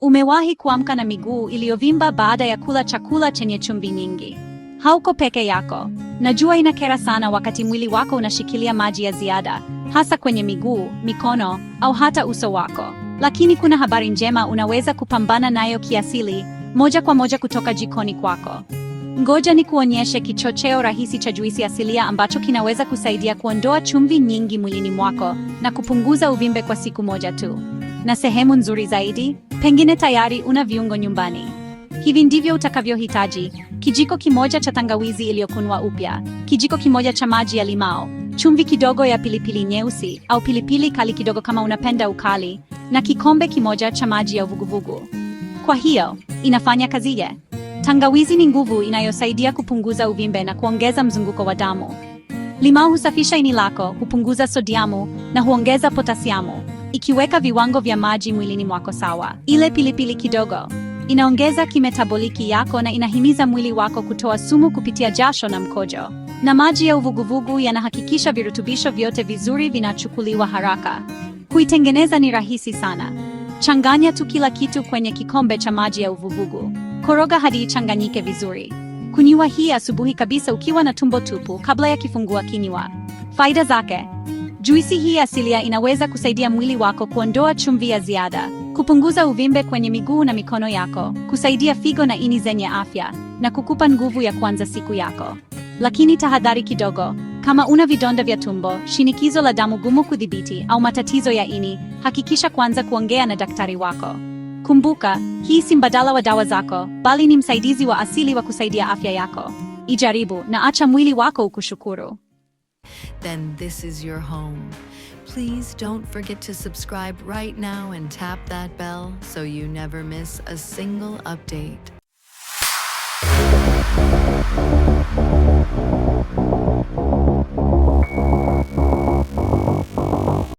Umewahi kuamka na miguu iliyovimba baada ya kula chakula chenye chumvi nyingi? Hauko peke yako. Najua inakera sana wakati mwili wako unashikilia maji ya ziada, hasa kwenye miguu, mikono au hata uso wako. Lakini kuna habari njema unaweza kupambana nayo kiasili, moja kwa moja kutoka jikoni kwako. Ngoja ni kuonyeshe kichocheo rahisi cha juisi asilia ambacho kinaweza kusaidia kuondoa chumvi nyingi mwilini mwako na kupunguza uvimbe kwa siku moja tu. Na sehemu nzuri zaidi, Pengine tayari una viungo nyumbani. Hivi ndivyo utakavyohitaji: kijiko kimoja cha tangawizi iliyokunwa upya, kijiko kimoja cha maji ya limao, chumvi kidogo ya pilipili nyeusi au pilipili kali kidogo kama unapenda ukali, na kikombe kimoja cha maji ya uvuguvugu Kwa hiyo inafanya kazi ye. Tangawizi ni nguvu inayosaidia kupunguza uvimbe na kuongeza mzunguko wa damu. Limao husafisha ini lako, hupunguza sodiamu na huongeza potasiamu ikiweka viwango vya maji mwilini mwako sawa. Ile pilipili kidogo inaongeza kimetaboliki yako na inahimiza mwili wako kutoa sumu kupitia jasho na mkojo, na maji ya uvuguvugu yanahakikisha virutubisho vyote vizuri vinachukuliwa haraka. Kuitengeneza ni rahisi sana. Changanya tu kila kitu kwenye kikombe cha maji ya uvuguvugu, koroga hadi ichanganyike vizuri. Kunywa hii asubuhi kabisa ukiwa na tumbo tupu kabla ya kifungua kinywa. Faida zake: Juisi hii asilia inaweza kusaidia mwili wako kuondoa chumvi ya ziada, kupunguza uvimbe kwenye miguu na mikono yako, kusaidia figo na ini zenye afya na kukupa nguvu ya kuanza siku yako. Lakini tahadhari kidogo, kama una vidonda vya tumbo, shinikizo la damu gumu kudhibiti au matatizo ya ini, hakikisha kwanza kuongea na daktari wako. Kumbuka, hii si mbadala wa dawa zako, bali ni msaidizi wa asili wa kusaidia afya yako. Ijaribu na acha mwili wako ukushukuru. then this is your home. Please don't forget to subscribe right now and tap that bell so you never miss a single update.